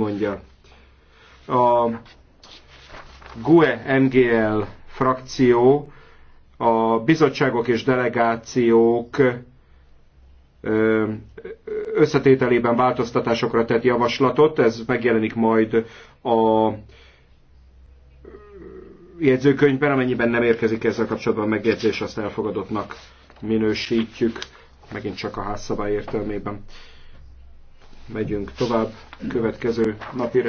mondja. A GUE-NGL frakció a bizottságok és delegációk összetételében változtatásokra tett javaslatot, ez megjelenik majd a jegyzőkönyvben, amennyiben nem érkezik ezzel kapcsolatban megjegyzés, azt elfogadottnak minősítjük, megint csak a házszabály értelmében megyünk tovább. Következő napi